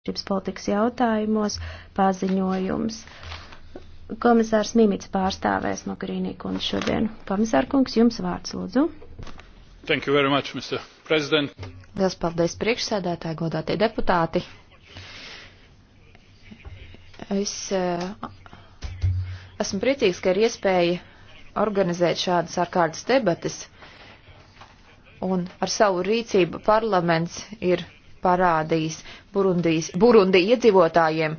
drošības politikas jautājumos paziņojums. Komisārs Mimits pārstāvēs Mogherini kundzi šodien. Komisār kungs, jums vārds lūdzu. Thank you very much, Mr. President. Liels paldies priekšsēdētāji, godātie deputāti. Es eh, esmu priecīgs, ka ir iespēja organizēt šādas ārkārtas debatas, un ar savu rīcību parlaments ir parādīs Burundijas, Burundi iedzīvotājiem,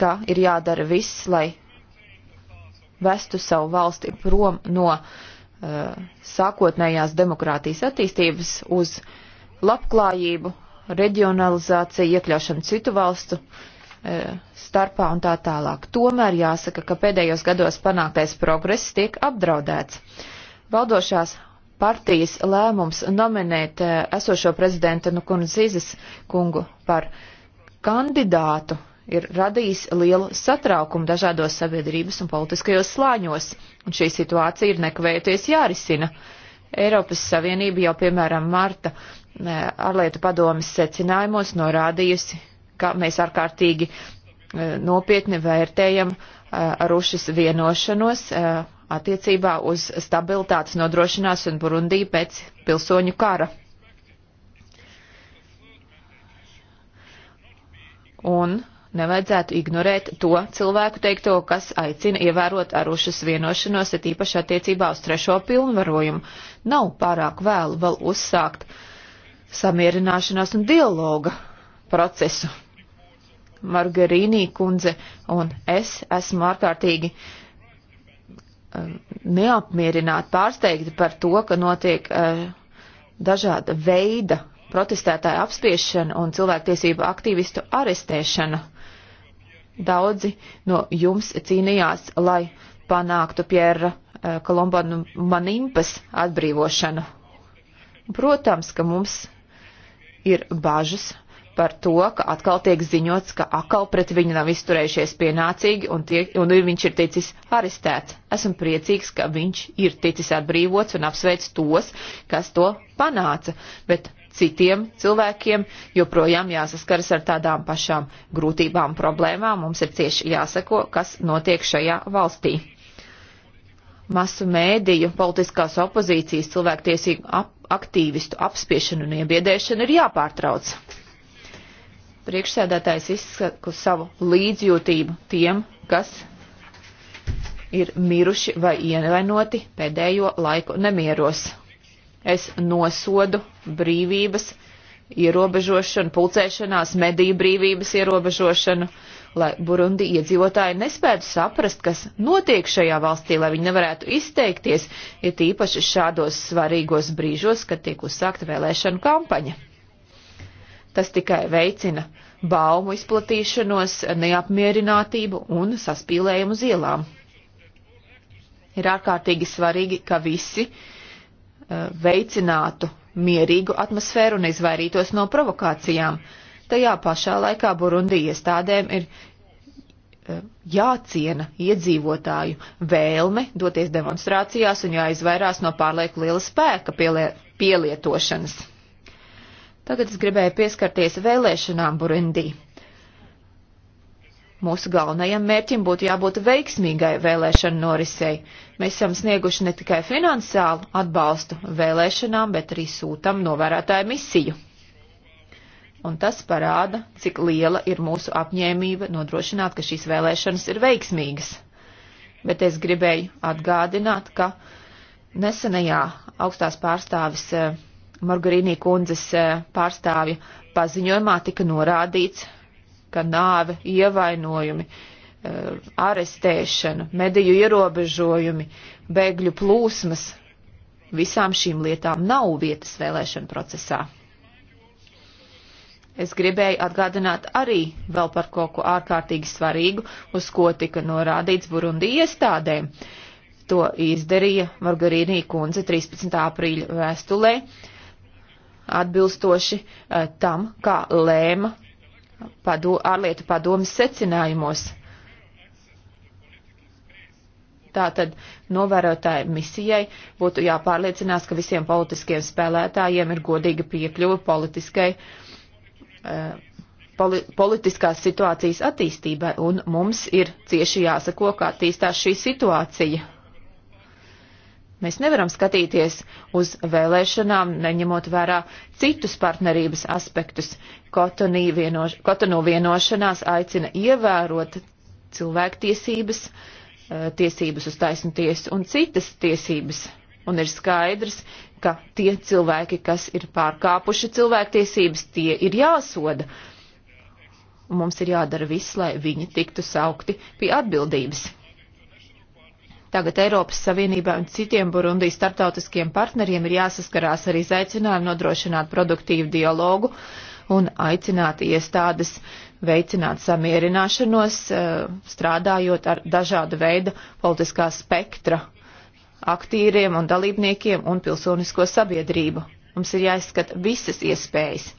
ka ir jādara viss, lai vestu savu valsti prom no uh, sākotnējās demokrātijas attīstības uz labklājību, reģionalizāciju, iekļaušanu citu valstu uh, starpā un tā tālāk. Tomēr jāsaka, ka pēdējos gados panāktais progress tiek apdraudēts. Valdošās partijas lēmums nominēt eh, esošo prezidenta Nukunzīzes kungu par kandidātu ir radījis lielu satraukumu dažādos sabiedrības un politiskajos slāņos, un šī situācija ir nekavējoties jārisina. Eiropas Savienība jau, piemēram, Marta eh, ārlietu padomas secinājumos norādījusi, ka mēs ārkārtīgi eh, nopietni vērtējam Rušas vienošanos attiecībā uz stabilitātes nodrošināšanu Burundī pēc pilsoņu kara. Un nevajadzētu ignorēt to cilvēku teikto, kas aicina ievērot arušas vienošanos, ir īpaši attiecībā uz trešo pilnvarojumu. Nav pārāk vēlu vēl uzsākt samierināšanās un dialoga procesu. Margarīnī kundze un es esmu ārkārtīgi uh, Um, neapmierināti, pārsteigti par to, ka notiek uh, dažāda veida protestētāju apspiešana un cilvēktiesību aktīvistu arestēšana. Daudzi no jums cīnījās, lai panāktu Pjera Kolombanu uh, Manimpas atbrīvošanu. Protams, ka mums ir bažas par to, ka atkal tiek ziņots, ka atkal pret viņu nav izturējušies pienācīgi un, tie, un viņš ir ticis arestēts. Esmu priecīgs, ka viņš ir ticis atbrīvots un apsveic tos, kas to panāca, bet citiem cilvēkiem joprojām jāsaskaras ar tādām pašām grūtībām, problēmām. Mums ir cieši jāsako, kas notiek šajā valstī. Masu mēdīju, politiskās opozīcijas, cilvēktiesību ap aktīvistu apspiešanu un iebiedēšanu ir jāpārtrauc priekšsēdētājs izsaka savu līdzjūtību tiem, kas ir miruši vai ievainoti pēdējo laiku nemieros. Es nosodu brīvības ierobežošanu, pulcēšanās, mediju brīvības ierobežošanu, lai Burundi iedzīvotāji nespētu saprast, kas notiek šajā valstī, lai viņi nevarētu izteikties, ir ja tīpaši šādos svarīgos brīžos, kad tiek uzsākta vēlēšanu kampaņa. Tas tikai veicina baumu izplatīšanos, neapmierinātību un saspīlējumu uz ielām. Ir ārkārtīgi svarīgi, ka visi uh, veicinātu mierīgu atmosfēru un izvairītos no provokācijām. Tajā pašā laikā Burundi iestādēm ir eh, jāciena iedzīvotāju vēlme doties demonstrācijās un jāizvairās no pārlieku liela spēka pielietošanas. Tagad es gribēju pieskarties vēlēšanām Burundī. Mūsu galvenajam mērķim būtu jābūt veiksmīgai vēlēšanu norisei. Mēs esam snieguši ne tikai finansiālu atbalstu vēlēšanām, bet arī sūtam novērotāju misiju. Un tas parāda, cik liela ir mūsu apņēmība nodrošināt, ka šīs vēlēšanas ir veiksmīgas. Bet es gribēju atgādināt, ka nesenajā augstās pārstāvis eh, Margarīnī kundzes eh, pārstāvja paziņojumā tika norādīts, ka nāve, ievainojumi, eh, arestēšana, mediju ierobežojumi, bēgļu plūsmas, visām šīm lietām nav vietas vēlēšana procesā. Es gribēju atgādināt arī vēl par kaut ko ārkārtīgi svarīgu, uz ko tika norādīts Burundi iestādēm. To izdarīja Margarīnī kundze 13. aprīļa vēstulē, uh, atbilstoši eh, tam, kā lēma padu, ārlietu padomas secinājumos. Tātad novērotāju misijai būtu jāpārliecinās, ka visiem politiskiem spēlētājiem ir godīga piekļuva politiskai, eh, poli, politiskās situācijas attīstībai, un mums ir cieši jāsako, kā attīstās šī situācija. Mēs nevaram skatīties uz vēlēšanām, neņemot vērā citus partnerības aspektus. Kotonu vienoš vienošanās aicina ievērot cilvēktiesības, eh, tiesības uz taisnu tiesu un citas tiesības. Un ir skaidrs, ka tie cilvēki, kas ir pārkāpuši cilvēktiesības, tie ir jāsoda. Un mums ir jādara viss, lai viņi tiktu saukti pie atbildības. Tagad Eiropas Savienībā un citiem Burundijas starptautiskiem partneriem ir jāsaskarās ar izaicinājumu nodrošināt produktīvu dialogu un aicināt iestādes veicināt samierināšanos, eh, strādājot ar dažāda veida politiskā spektra aktīriem un dalībniekiem un pilsonisko sabiedrību. Mums ir jāizskata visas iespējas.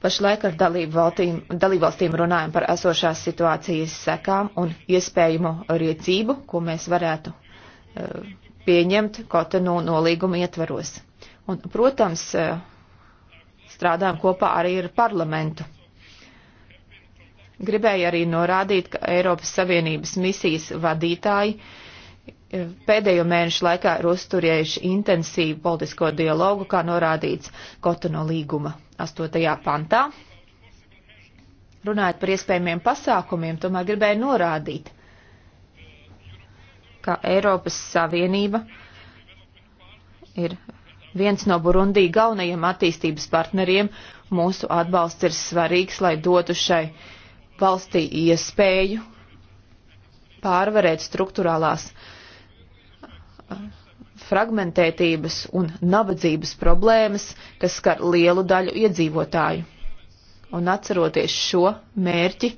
Pašlaik ar dalībvalstīm runājam par esošās situācijas sekām un iespējamo rīcību, ko mēs varētu uh, pieņemt Kotonu no nolīguma ietvaros. Un, protams, uh, strādājam kopā arī ar parlamentu. Gribēju arī norādīt, ka Eiropas Savienības misijas vadītāji e, pēdējo mēnešu laikā ir uzturējuši intensīvu politisko dialogu, kā norādīts Kotono līguma 8. pantā. Runājot par iespējamiem pasākumiem, tomēr gribēju norādīt, ka Eiropas Savienība ir viens no Burundī galvenajiem attīstības partneriem. Mūsu atbalsts ir svarīgs, lai dotu šai valstī iespēju pārvarēt struktūrālās fragmentētības un nabadzības problēmas, kas skar lielu daļu iedzīvotāju. Un atceroties šo mērķi,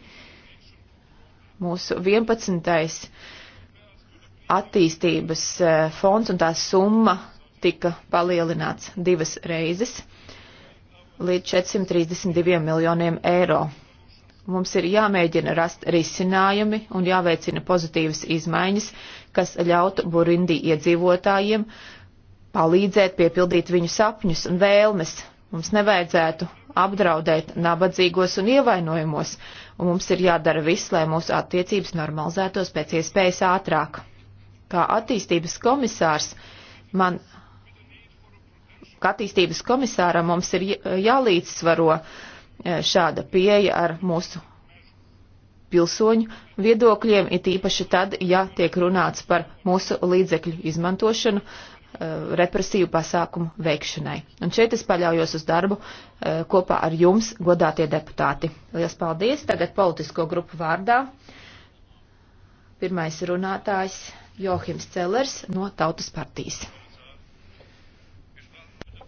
mūsu 11. attīstības eh, fonds un tā summa tika palielināts divas reizes līdz 432 miljoniem eiro. Mums ir jāmēģina rast risinājumi un jāveicina pozitīvas izmaiņas, kas ļautu Burundī iedzīvotājiem palīdzēt piepildīt viņu sapņus un vēlmes. Mums nevajadzētu apdraudēt nabadzīgos un ievainojamos, un mums ir jādara viss, lai mūsu attiecības normalizētos pēc iespējas ātrāk. Kā attīstības komisārs man kā attīstības komisāram mums ir jālīdzsvaro Eh, šāda pieeja ar mūsu pilsoņu viedokļiem, it īpaši tad, ja tiek runāts par mūsu līdzekļu izmantošanu eh, represīvu pasākumu veikšanai. Un šeit es paļaujos uz darbu eh, kopā ar jums, godātie deputāti. Lielas paldies! Tagad politisko grupu vārdā. Pirmais runātājs Johims Cellers no Tautas partijas.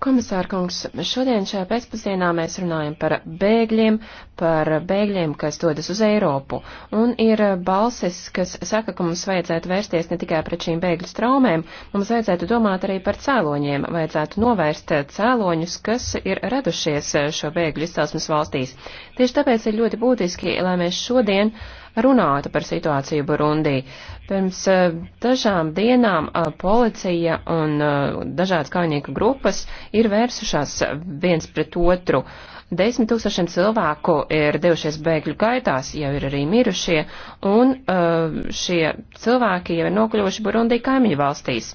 Komisārkungs, šodien šajā pēcpusdienā mēs runājam par bēgļiem, par bēgļiem, kas dodas uz Eiropu. Un ir balsis, kas saka, ka mums vajadzētu vērsties ne tikai pret šīm bēgļu straumēm, mums vajadzētu domāt arī par cēloņiem, vajadzētu novērst cēloņus, kas ir radušies šo bēgļu izcelsmes valstīs. Tieši tāpēc ir ļoti būtiski, lai mēs šodien uh, runātu par situāciju Burundī. Pirms e, dažām dienām e, policija un e, dažādas kaujnieku grupas ir vērsušās viens pret otru. Desmit tūkstošiem cilvēku ir devušies bēgļu gaitās, jau ir arī mirušie, un šie cilvēki jau ir nokļuvuši Burundī kaimiņu valstīs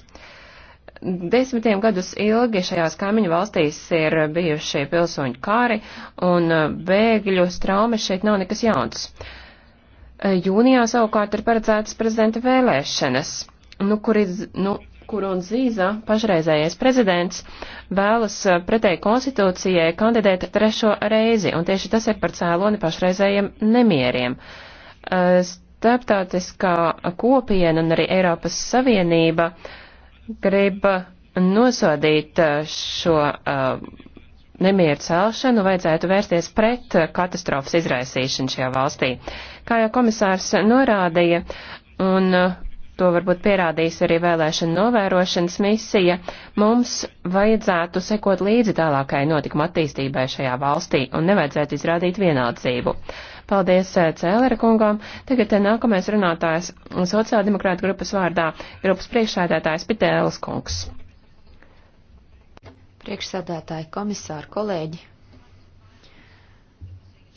desmitiem gadus ilgi šajās kaimiņu valstīs ir bijušie pilsoņu kāri, un bēgļu straume šeit nav nekas jauns. Uh, Eh, jūnijā savukārt ir paredzētas prezidenta vēlēšanas, nu, kur ir, nu, kur un Zīza, pašreizējais prezidents, vēlas eh, pretēji konstitūcijai kandidēt trešo reizi, un tieši tas ir par cēloni pašreizējiem nemieriem. Eh, starptautiskā kopiena un arī Eiropas Savienība grib nosodīt šo uh, nemieru celšanu vajadzētu vērsties pret katastrofas izraisīšanu šajā valstī. Kā jau komisārs norādīja, un to varbūt pierādīs arī vēlēšana novērošanas misija, mums vajadzētu sekot līdzi tālākai notikuma attīstībai šajā valstī un nevajadzētu izrādīt vienaldzību. Paldies eh, Cēlera kungam. Tagad eh, nākamais runātājs sociāldemokrāta grupas vārdā, grupas priekšsēdētājs Pitēlis kungs. Priekšsēdētāji, komisāri, kolēģi!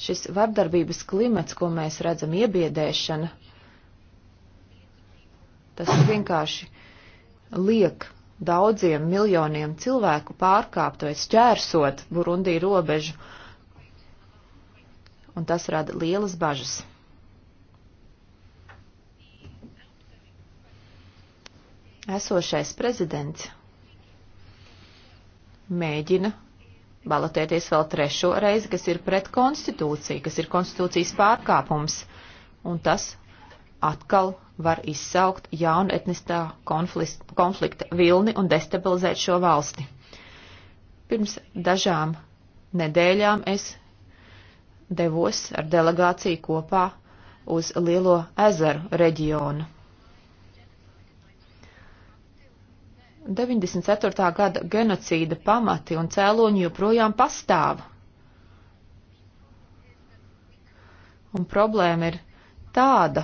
Šis vardarbības klimats, ko mēs redzam, iebiedēšana, tas vienkārši liek daudziem miljoniem cilvēku pārkāpt vai šķērsot Burundī robežu, un tas rada lielas bažas. Esošais prezidents mēģina balotēties vēl trešo reizi, kas ir pret konstitūciju, kas ir konstitūcijas pārkāpums, un tas atkal var izsaukt jaunu etniskā konflikta, konflikta vilni un destabilizēt šo valsti. Pirms dažām nedēļām es devos ar delegāciju kopā uz Lielo ezeru reģionu. 94. gada genocīda pamati un cēloņi joprojām pastāv. Un problēma ir tāda,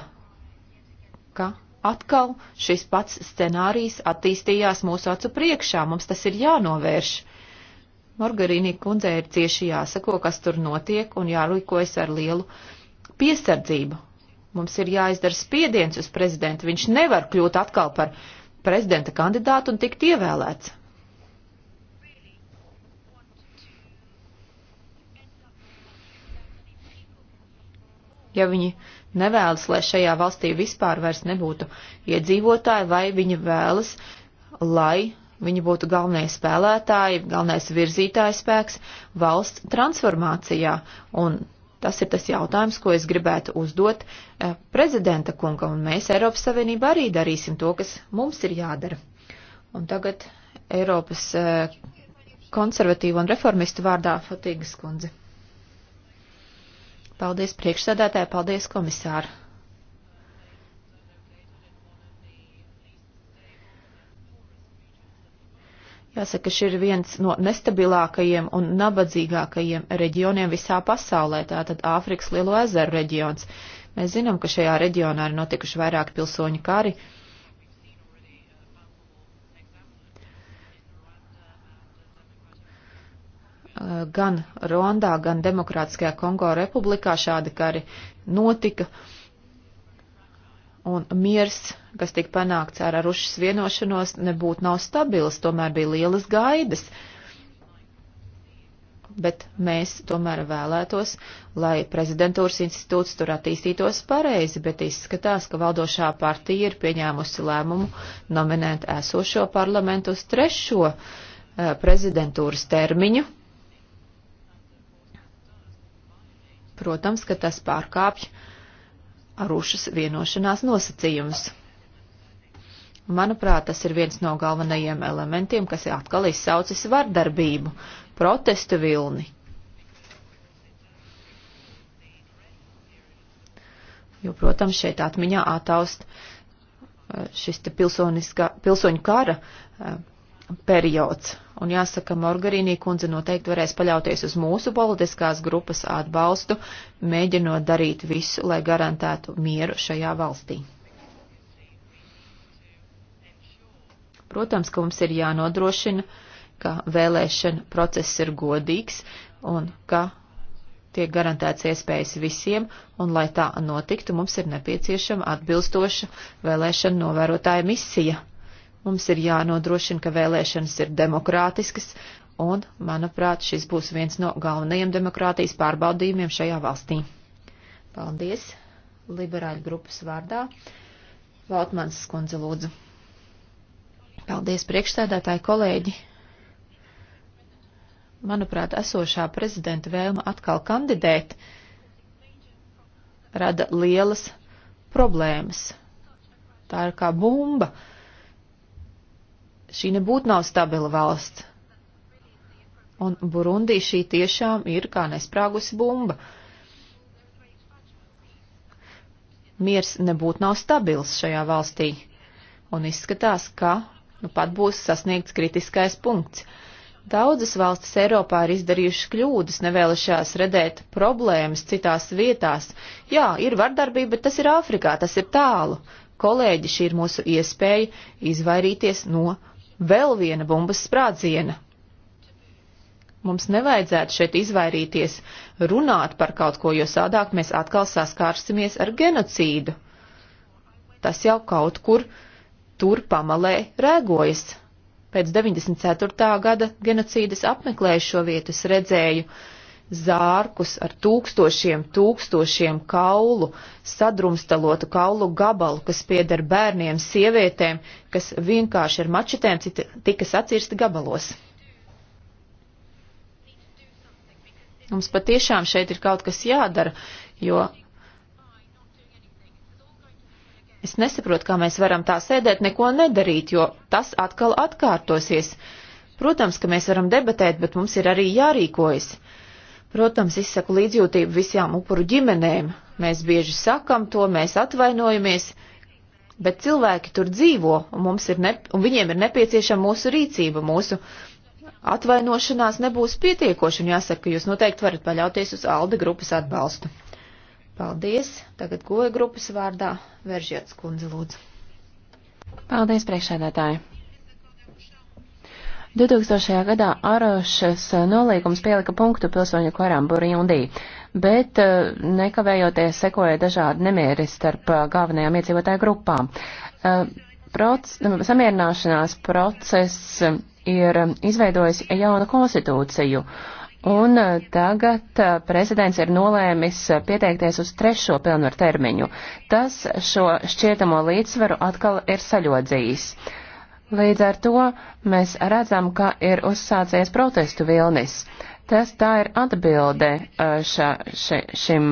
ka atkal šis pats scenārijs attīstījās mūsu acu priekšā, mums tas ir jānovērš. Margarīnī kundzei ir cieši jāsako, kas tur notiek un jārīkojas ar lielu piesardzību. Mums ir jāizdara spiediens uz prezidentu, viņš nevar kļūt atkal par prezidenta kandidātu un tikt ievēlēts. Ja viņi nevēlas, lai šajā valstī vispār vairs nebūtu iedzīvotāji, vai viņi vēlas, lai viņi būtu galvenie spēlētāji, galvenais virzītājs spēks valsts transformācijā, un Tas ir tas jautājums, ko es gribētu uzdot eh, prezidenta kungam, un mēs Eiropas Savienībā arī darīsim to, kas mums ir jādara. Un tagad Eiropas eh, konservatīvu un reformistu vārdā Fatīgas kundze. Paldies priekšsēdētāji, paldies komisāru. Jāsaka, šis ir viens no nestabilākajiem un nabadzīgākajiem reģioniem visā pasaulē, tātad Āfrikas Lielo ezeru reģions. Mēs zinām, ka šajā reģionā ir notikuši vairāki pilsoņu kari. Gan Rondā, gan Demokrātiskajā Kongo republikā šādi kari notika. Uh, un miers, kas tika panākts ar Rušas vienošanos, nebūtu nav stabils, tomēr bija lielas gaidas. Bet mēs tomēr vēlētos, lai prezidentūras institūts tur attīstītos pareizi, bet izskatās, ka valdošā partija ir pieņēmusi lēmumu nominēt esošo parlamentu uz trešo uh, prezidentūras termiņu, Protams, ka tas pārkāpj Arūšas vienošanās nosacījumus. Manuprāt, tas ir viens no galvenajiem elementiem, kas ir atkal izsaucis vardarbību, protestu vilni. Jo, protams, šeit atmiņā ataust eh, šis te pilsoņu kara eh, periods. Un jāsaka, Morgarīnī kundze noteikti varēs paļauties uz mūsu politiskās grupas atbalstu, mēģinot darīt visu, lai garantētu mieru šajā valstī. Protams, ka mums ir jānodrošina, ka vēlēšana process ir godīgs un ka tiek garantēts iespējas visiem, un lai tā notiktu, mums ir nepieciešama atbilstoša vēlēšana novērotāja misija. Mums ir jānodrošina, ka vēlēšanas ir demokrātiskas, un, manuprāt, šis būs viens no galvenajiem demokrātijas pārbaudījumiem šajā valstī. Paldies! Liberāļu grupas vārdā Valtmans skundze lūdzu. Paldies priekšstādātāji kolēģi! Manuprāt, esošā prezidenta vēlma atkal kandidēt rada lielas problēmas. Tā ir kā bumba. Uh, šī nebūtu nav stabila valsts. Un Burundī šī tiešām ir kā nesprāgusi bumba. Miers nebūtu nav stabils šajā valstī, un izskatās, ka nu pat būs sasniegts kritiskais punkts. Daudzas valstis Eiropā ir izdarījušas kļūdas, nevēlušās redzēt problēmas citās vietās. Jā, ir vardarbība, bet tas ir Āfrikā, tas ir tālu. Kolēģi, šī ir mūsu iespēja izvairīties no vēl viena bumbas sprādziena. Mums nevajadzētu šeit izvairīties runāt par kaut ko, jo sādāk mēs atkal saskārsimies ar genocīdu. Tas jau kaut kur tur pamalē rēgojas. Pēc 94. gada genocīdas apmeklēju šo vietu, es redzēju, uh, zārkus ar tūkstošiem, tūkstošiem kaulu, sadrumstalotu kaulu gabalu, kas pieder bērniem, sievietēm, kas vienkārši ar mačetēm tika sacirsti gabalos. Mums patiešām šeit ir kaut kas jādara, jo es nesaprotu, kā mēs varam tā sēdēt, neko nedarīt, jo tas atkal atkārtosies. Protams, ka mēs varam debatēt, bet mums ir arī jārīkojas. Uh, Protams, izsaku līdzjūtību visām upuru ģimenēm. Mēs bieži sakam to, mēs atvainojamies, bet cilvēki tur dzīvo, un, ir ne, un viņiem ir nepieciešama mūsu rīcība, mūsu atvainošanās nebūs pietiekoša, un jāsaka, ka jūs noteikti varat paļauties uz Alde grupas atbalstu. Paldies! Tagad goja grupas vārdā Veržiets kundze lūdzu. Paldies, priekšēdētāji! 2000. gadā Arošas nolīgums pielika punktu pilsoņu karām Burjundī, bet eh, nekavējoties sekoja dažādi nemieri starp eh, galvenajām iedzīvotāju grupām. Eh, proc, samierināšanās process ir izveidojis jaunu konstitūciju. Un tagad prezidents ir nolēmis pieteikties uz trešo pilnvaru termiņu. Tas šo šķietamo līdzsvaru atkal ir saļodzījis. Uh, Līdz ar to mēs redzam, ka ir uzsācies protestu vilnis. Tas tā ir atbilde ša, ša, šim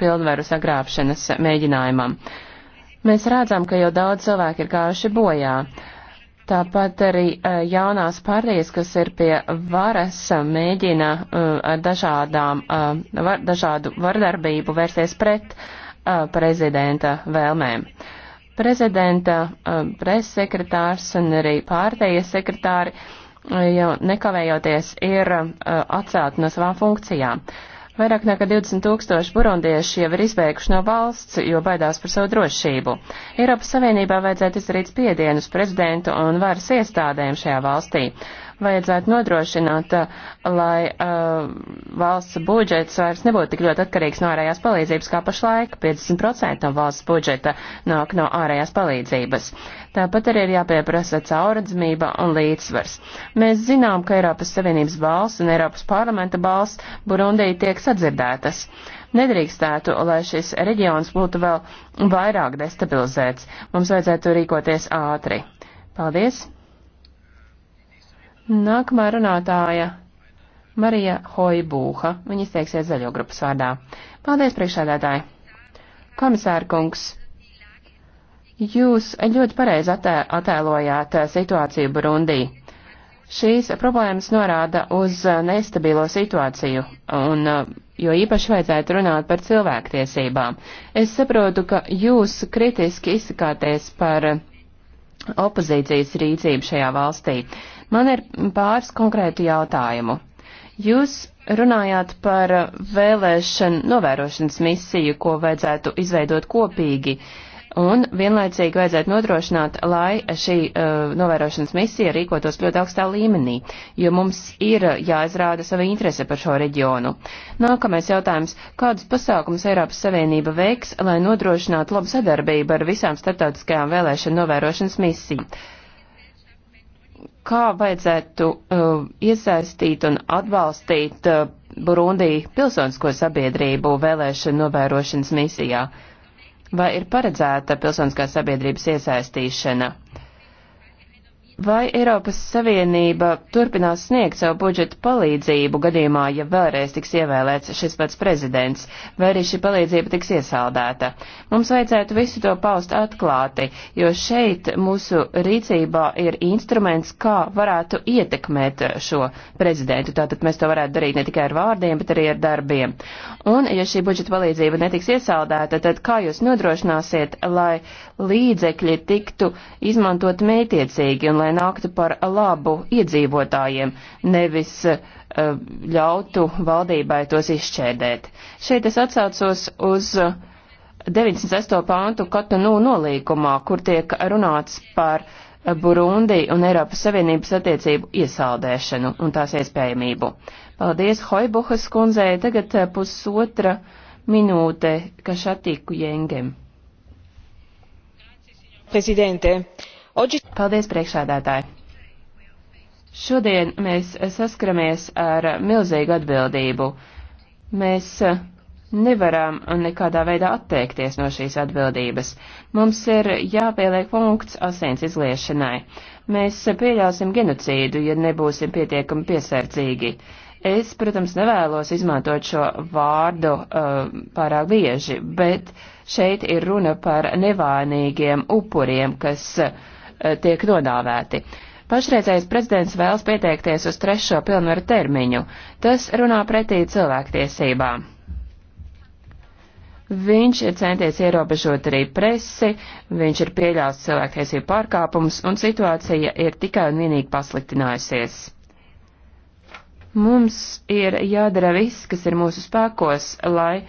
pilnvaru sagrābšanas mēģinājumam. Mēs redzam, ka jau daudz cilvēku ir gājuši bojā. Tāpat arī jaunās partijas, kas ir pie varas, mēģina ar dažādām, var, dažādu vardarbību vērsties pret prezidenta vēlmēm prezidenta eh, preses sekretārs un arī pārējie sekretāri eh, jau nekavējoties ir eh, atcelti no savām funkcijām. Vairāk nekā 20 tūkstoši burundieši jau ir izbēguši no valsts, jo baidās par savu drošību. Eiropas Savienībā vajadzētu izdarīt spiedienus prezidentu un varas iestādēm šajā valstī vajadzētu nodrošināt, eh, lai uh, valsts budžets vairs nebūtu tik ļoti atkarīgs no ārējās palīdzības kā pašlaik. 50% no valsts budžeta nāk no ārējās palīdzības. Tāpat arī ir jāpieprasa cauradzmība un līdzsvars. Mēs zinām, ka Eiropas Savienības balss un Eiropas parlamenta balss Burundī tiek sadzirdētas nedrīkstētu, lai šis reģions būtu vēl vairāk destabilizēts. Mums vajadzētu rīkoties ātri. Paldies! Nākamā runātāja Marija Hoibūha. Viņa izteiksies zaļo grupas vārdā. Paldies, priekšādātāji! Komisārkungs, jūs ļoti pareizi attē, attēlojāt eh, situāciju Burundī. Šīs problēmas norāda uz eh, nestabilo situāciju, un eh, jo īpaši vajadzētu runāt par cilvēktiesībām. Es saprotu, ka jūs kritiski izsakāties par opozīcijas rīcību šajā valstī. Man ir pāris konkrētu jautājumu. Jūs runājāt par vēlēšanu novērošanas misiju, ko vajadzētu izveidot kopīgi. Uh, Un vienlaicīgi vajadzētu nodrošināt, lai šī uh, novērošanas misija rīkotos ļoti augstā līmenī, jo mums ir eh, jāizrāda sava interese par šo reģionu. Nākamais jautājums - kādus pasākumus Eiropas Savienība veiks, lai nodrošinātu labu sadarbību ar visām starptautiskajām vēlēšanu novērošanas misiju? Kā vajadzētu uh, iesaistīt un atbalstīt uh, Burundī pilsonisko sabiedrību vēlēšanu novērošanas misijā? Uh, Vai ir paredzēta pilsoniskās sabiedrības iesaistīšana? Vai Eiropas Savienība turpinās sniegt savu budžetu palīdzību gadījumā, ja vēlreiz tiks ievēlēts šis pats prezidents, vai arī šī palīdzība tiks iesaldēta? Mums vajadzētu visu to paust atklāti, jo šeit mūsu rīcībā ir instruments, kā varētu ietekmēt šo prezidentu. Tātad mēs to varētu darīt ne tikai ar vārdiem, bet arī ar darbiem. Un, ja šī budžeta palīdzība netiks iesaldēta, tad kā jūs nodrošināsiet, lai līdzekļi tiktu izmantot mētiecīgi un lai lai nāktu par labu iedzīvotājiem, nevis uh, ļautu valdībai tos izšķēdēt. Šeit es atsaucos uz 96. Eh, pāntu Katanu nolīgumā, kur tiek runāts par eh, Burundi un Eiropas Savienības attiecību iesaldēšanu un tās iespējamību. Paldies Hoibuhas kundzei, tagad pusotra minūte Kašatiku Jengem. Prezidente, Paldies, priekšādātāji! Šodien mēs saskaramies ar milzīgu atbildību. Mēs eh, nevaram nekādā veidā atteikties no šīs atbildības. Mums ir jāpieliek punkts asins izliešanai. Mēs pieļausim genocīdu, ja nebūsim pietiekami piesardzīgi. Es, protams, nevēlos izmantot šo vārdu uh, pārāk bieži, bet šeit ir runa par nevainīgiem upuriem, kas uh, Eh, tiek nodāvēti. Pašreizējais prezidents vēlas pieteikties uz trešo pilnvaru termiņu. Tas runā pretī cilvēktiesībām. Viņš ir centies ierobežot arī presi, viņš ir pieļāvis cilvēktiesību pārkāpumus, un situācija ir tikai un vienīgi pasliktinājusies. Mums ir jādara viss, kas ir mūsu spēkos, lai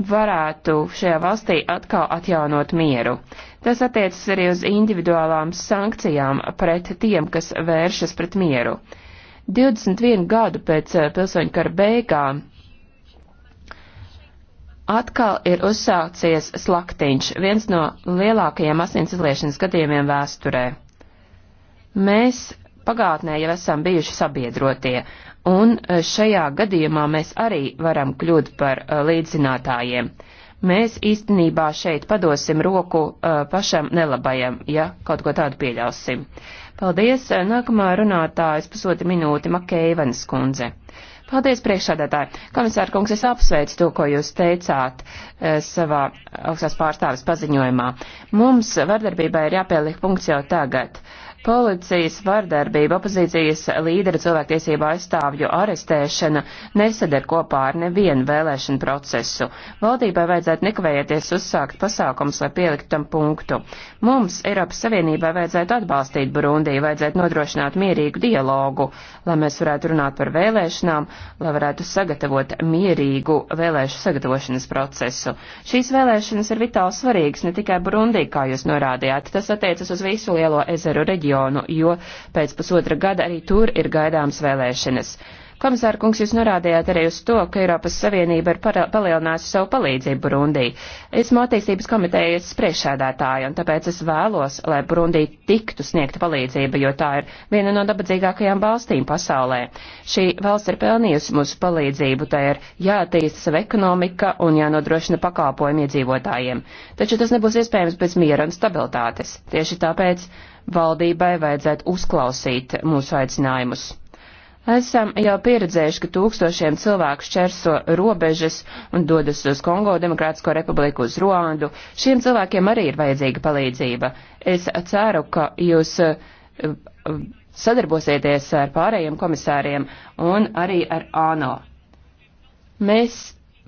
varētu šajā valstī atkal atjaunot mieru. Tas attiecas arī uz individuālām sankcijām pret tiem, kas vēršas pret mieru. 21 gadu pēc eh, pilsoņu kara beigām atkal ir uzsācies slaktiņš, viens no lielākajiem asins izliešanas gadījumiem vēsturē. Mēs pagātnē jau esam bijuši sabiedrotie, un e, šajā gadījumā mēs arī varam kļūt par e, līdzinātājiem. Mēs īstenībā šeit padosim roku e, pašam nelabajam, ja kaut ko tādu pieļausim. Paldies, nākamā runātājas pusotri minūti Makēvenes kundze. Paldies, priekšādātāji. Komisāra kungs, es apsveicu to, ko jūs teicāt e, savā augstās pārstāvis paziņojumā. Mums vardarbībai ir jāpieliek punkts jau tagad. E, Policijas vardarbība, opozīcijas līdera cilvēktiesību aizstāvju arestēšana nesadar kopā ar nevienu vēlēšanu procesu. Valdībai vajadzētu nekavējoties uzsākt pasākums, lai pieliktu tam punktu. Mums, Eiropas Savienībai, vajadzētu atbalstīt Burundī, vajadzētu nodrošināt mierīgu dialogu, lai mēs varētu runāt par vēlēšanām, lai varētu sagatavot mierīgu vēlēšu sagatavošanas procesu. Šīs vēlēšanas ir vitāli svarīgas ne tikai Burundī, kā jūs norādījāt, tas attiecas uz visu lielo ezeru reģionu reģionu, jo pēc pusotra gada arī tur ir gaidāmas vēlēšanas. Komisāra kungs, jūs norādījāt arī uz to, ka Eiropas Savienība ir palielinājusi savu palīdzību Burundī. Esmu attīstības komitejas priekšsēdētāja, un tāpēc es vēlos, lai Burundī tiktu sniegta palīdzība, jo tā ir viena no dabadzīgākajām valstīm pasaulē. Šī valsts ir pelnījusi mūsu palīdzību, tā ir jātīsta sava ekonomika un jānodrošina pakalpojumi iedzīvotājiem. Taču tas nebūs iespējams bez miera un stabilitātes. Tieši tāpēc valdībai vajadzētu uzklausīt mūsu aicinājumus. Esam jau pieredzējuši, ka tūkstošiem cilvēku šķērso robežas un dodas uz Kongo Demokrātisko republiku, uz Ruandu. Šiem cilvēkiem arī ir vajadzīga palīdzība. Es ceru, ka jūs eh, sadarbosieties ar pārējiem komisāriem un arī ar ANO. Mēs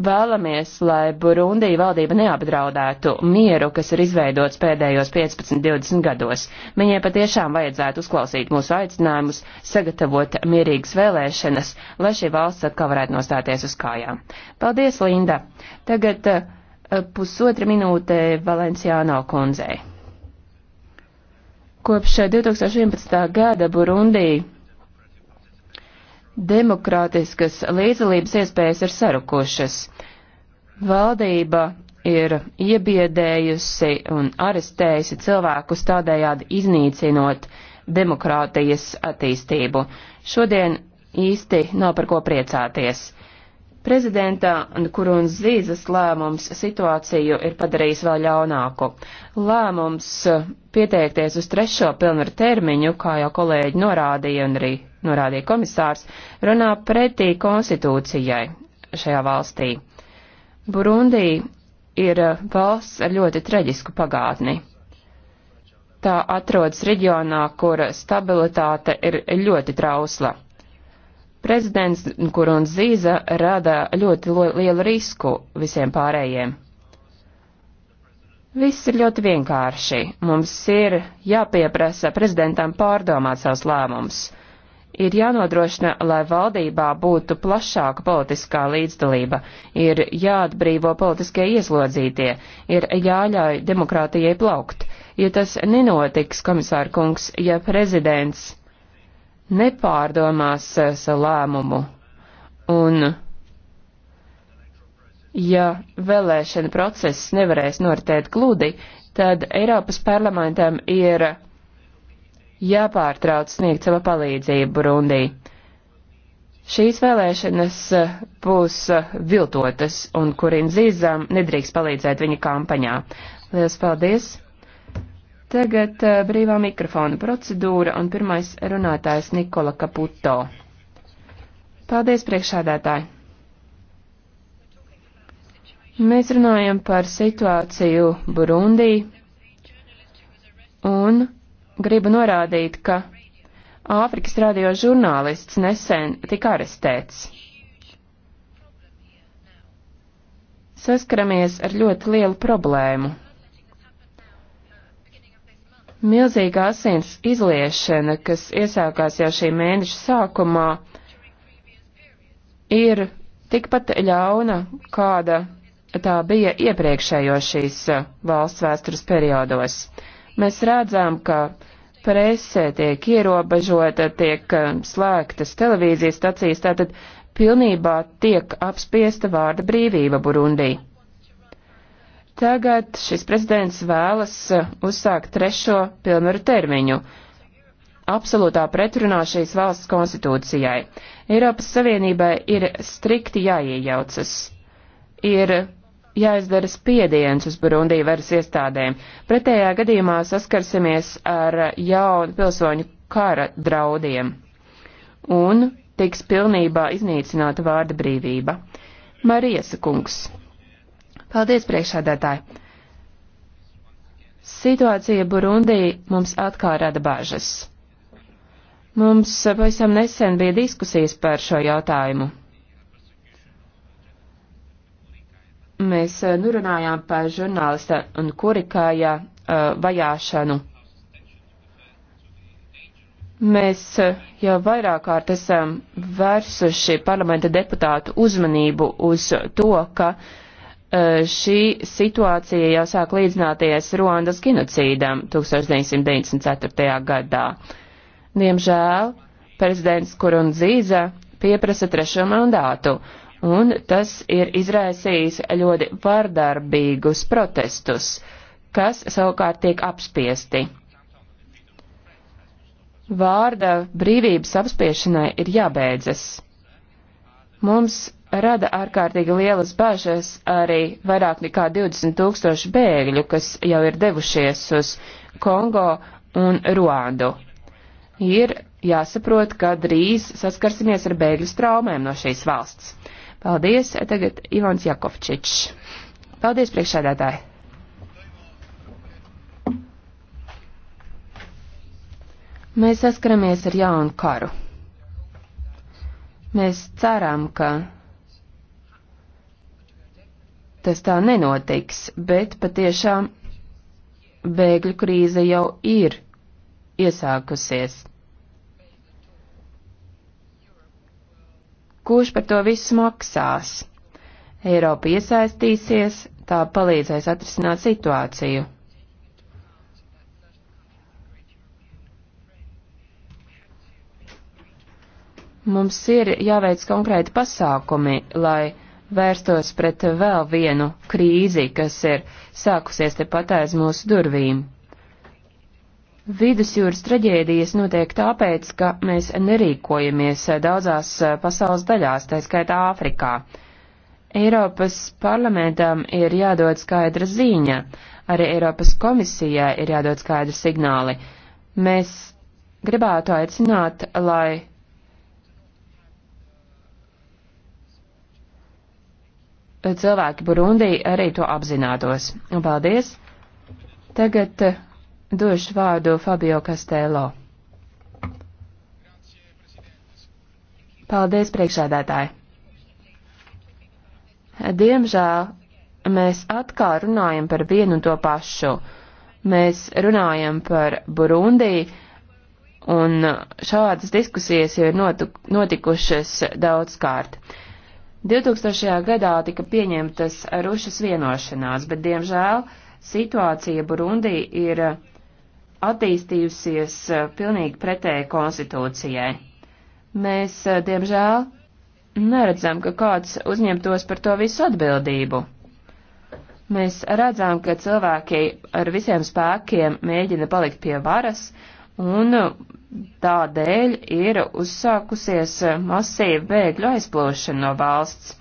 Vēlamies, lai Burundī valdība neapdraudētu mieru, kas ir izveidots pēdējos 15-20 gados. Viņai patiešām vajadzētu uzklausīt mūsu aicinājumus, sagatavot mierīgas vēlēšanas, lai šī valsts atkal varētu nostāties uz kājām. Paldies, Linda! Tagad eh, pusotra minūte Valenciāno kundzei. Kopš 2011. Eh, gada Burundī Demokrātiskas līdzdalības iespējas ir sarukušas. Valdība ir iebiedējusi un arestējusi cilvēkus tādējādi iznīcinot demokrātijas attīstību. Šodien īsti nav par ko priecāties. Prezidenta Kuruns Zīzes lēmums situāciju ir padarījis vēl ļaunāku. Lēmums pieteikties uz trešo pilnvaru termiņu, kā jau kolēģi norādīja un arī norādīja komisārs, runā pretī konstitūcijai šajā valstī. Burundī ir valsts ar ļoti traģisku pagātni. Tā atrodas reģionā, kur stabilitāte ir ļoti trausla. Prezidents Kurunzīza rada ļoti lielu risku visiem pārējiem. Viss ir ļoti vienkārši. Mums ir jāpieprasa prezidentam pārdomāt savus lēmumus. Ir jānodrošina, lai valdībā būtu plašāka politiskā līdzdalība, ir jāatbrīvo politiskie ieslodzītie, ir jāļauj demokrātijai plaukt. Ja tas nenotiks, komisāra kungs, ja prezidents nepārdomās eh, savu lēmumu. Un ja vēlēšana process nevarēs noritēt gludi, tad Eiropas parlamentam ir jāpārtrauc sniegt sava palīdzību Burundī. Šīs vēlēšanas eh, būs eh, viltotas, un kurin zīzām nedrīkst palīdzēt viņa kampaņā. Lielas paldies! Tagad eh, brīvā mikrofona procedūra un pirmais runātājs Nikola Kaputo. Paldies, priekšādātāji! Mēs runājam par situāciju Burundī un gribu norādīt, ka Āfrikas radio žurnālists nesen tika arestēts. Saskaramies ar ļoti lielu problēmu. Milzīga asins izliešana, kas iesākās jau šī mēneša sākumā, ir tikpat ļauna, kāda tā bija iepriekšējos šīs uh, valsts vēstures periodos. Mēs redzam, ka presē tiek ierobežota, tiek uh, slēgtas televīzijas stacijas, tātad pilnībā tiek apspiesta vārda brīvība Burundī. Tagad šis prezidents vēlas eh, uzsākt trešo pilnvaru termiņu. Absolūtā pretrunā šīs valsts konstitūcijai. Eiropas Savienībai ir strikti jāiejaucas. Ir jāizdara spiediens uz Burundī varas iestādēm. Pretējā gadījumā saskarsimies ar jaunu pilsoņu kara draudiem. Un tiks pilnībā iznīcināta vārda brīvība. Marijas kungs. Paldies, priekšādātāji! Situācija Burundī mums atkal rada bažas. Mums pavisam nesen bija diskusijas par šo jautājumu. Mēs eh, nurunājām par žurnālista un kurikāja uh, vajāšanu. Mēs eh, jau vairāk kārt esam vērsuši parlamenta deputātu uzmanību uz to, ka uh, Eh, šī situācija jau sāk līdzināties Ruandas genocīdam 1994. gadā. Diemžēl prezidents Kurunzīza pieprasa trešo mandātu, un tas ir izraisījis ļoti vardarbīgus protestus, kas savukārt tiek apspiesti. Vārda brīvības apspiešanai ir jābeidzas. Mums rada ārkārtīgi lielas bažas arī vairāk nekā 20 tūkstoši bēgļu, kas jau ir devušies uz Kongo un Ruandu. Ir jāsaprot, ka drīz saskarsimies ar bēgļu straumēm no šīs valsts. Paldies, tagad Ivans Jakovčičs. Paldies, priekšsēdētāji! Mēs saskaramies ar jaunu karu. Mēs ceram, ka tas tā nenotiks, bet patiešām bēgļu krīze jau ir iesākusies. Kurš par to visu maksās? Eiropa iesaistīsies, tā palīdzēs atrisināt situāciju. Mums ir jāveic konkrēti pasākumi, lai vērstos pret vēl vienu krīzi, kas ir sākusies tepat aiz mūsu durvīm. Vidusjūras traģēdijas notiek tāpēc, ka mēs nerīkojamies daudzās pasaules daļās, tā skaitā Āfrikā. Eiropas parlamentam ir jādod skaidra ziņa, arī Eiropas komisijai ir jādod skaidri signāli. Mēs gribētu aicināt, lai cilvēki Burundī arī to apzinātos. Un paldies! Tagad eh, došu vārdu Fabio Kastēlo. Paldies, priekšādātāji! Diemžēl mēs atkal runājam par vienu un to pašu. Mēs runājam par Burundī, un šādas diskusijas jau ir notikušas daudz kārt. 2000. gadā tika pieņemtas rušas vienošanās, bet, diemžēl, situācija Burundī ir attīstījusies e, pilnīgi pretēji konstitūcijai. Mēs, e, diemžēl, neredzam, ka kāds uzņemtos par to visu atbildību. Mēs redzam, ka cilvēki ar visiem spēkiem mēģina palikt pie varas un Tādēļ ir uzsākusies masīva bēgļu aizplūšana no valsts.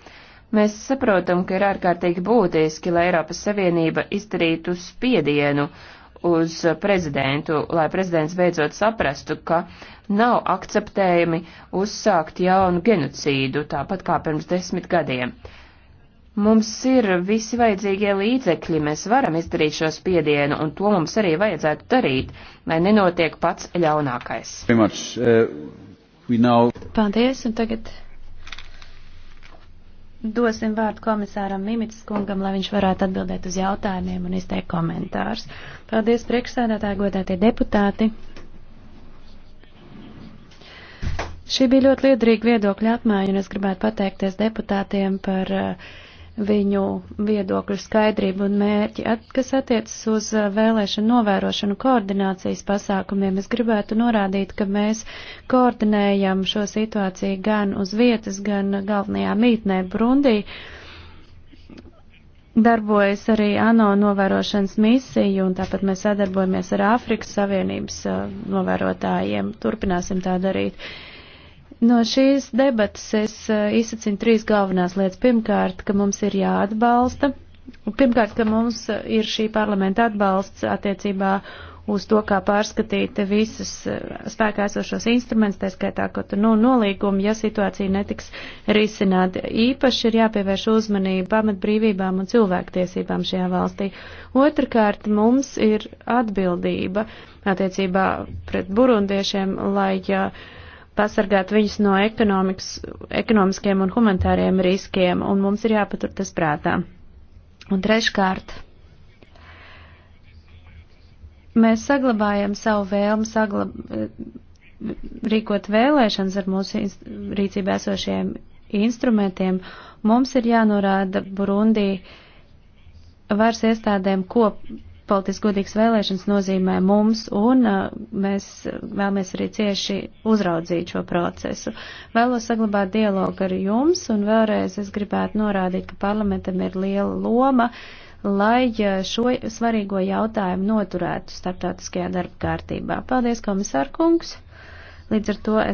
Mēs saprotam, ka ir ārkārtīgi būtiski, lai Eiropas Savienība izdarītu spiedienu uz prezidentu, lai prezidents beidzot saprastu, ka nav akceptējami uzsākt jaunu genocīdu, tāpat kā pirms desmit gadiem. Mums ir visi vajadzīgie līdzekļi, mēs varam izdarīt šo spiedienu, un to mums arī vajadzētu darīt, lai nenotiek pats ļaunākais. Uh, Paldies, un tagad dosim vārdu komisāram Mimits kungam, lai viņš varētu atbildēt uz jautājumiem un izteikt komentārus. Paldies, priekšsēdētāji, godētie deputāti. Šī bija ļoti liederīga viedokļa apmaiņa, un es gribētu pateikties deputātiem par uh, viņu viedokļu skaidrību un mērķi. At, kas attiecas uz uh, vēlēšanu novērošanu koordinācijas pasākumiem, es gribētu norādīt, ka mēs koordinējam šo situāciju gan uz vietas, gan galvenajā mītnē Brundī. Darbojas arī ANO novērošanas misija, un tāpat mēs sadarbojamies ar Āfrikas Savienības uh, novērotājiem. Turpināsim tā darīt. Uh, No šīs debatas es eh, izsacinu trīs galvenās lietas. Pirmkārt, ka mums ir jāatbalsta. Pirmkārt, ka mums eh, ir šī parlamenta atbalsts attiecībā uz to, kā pārskatīt visas eh, spēkā esošos instrumentus, tā skaitā, ka tu nu, nolīgumi, ja situācija netiks risināta. Īpaši ir jāpievērš uzmanība pamatbrīvībām un cilvēktiesībām šajā valstī. Otrakārt, mums ir atbildība attiecībā pret burundiešiem, lai uh, ja, pasargāt viņus no ekonomiskiem un humanitāriem riskiem, un mums ir jāpatur tas prātā. Un treškārt, mēs saglabājam savu vēlmu saglab rīkot vēlēšanas ar mūsu rīcībā esošajiem instrumentiem. Mums ir jānorāda Burundī varas iestādēm, ko politiski godīgas vēlēšanas nozīmē mums, un uh, mēs vēlamies arī cieši uzraudzīt šo procesu. Vēlos saglabāt dialogu ar jums, un vēlreiz es gribētu norādīt, ka parlamentam ir liela loma, lai uh, šo svarīgo jautājumu noturētu starptautiskajā darba kārtībā. Paldies, komisārkungs! Līdz ar to es.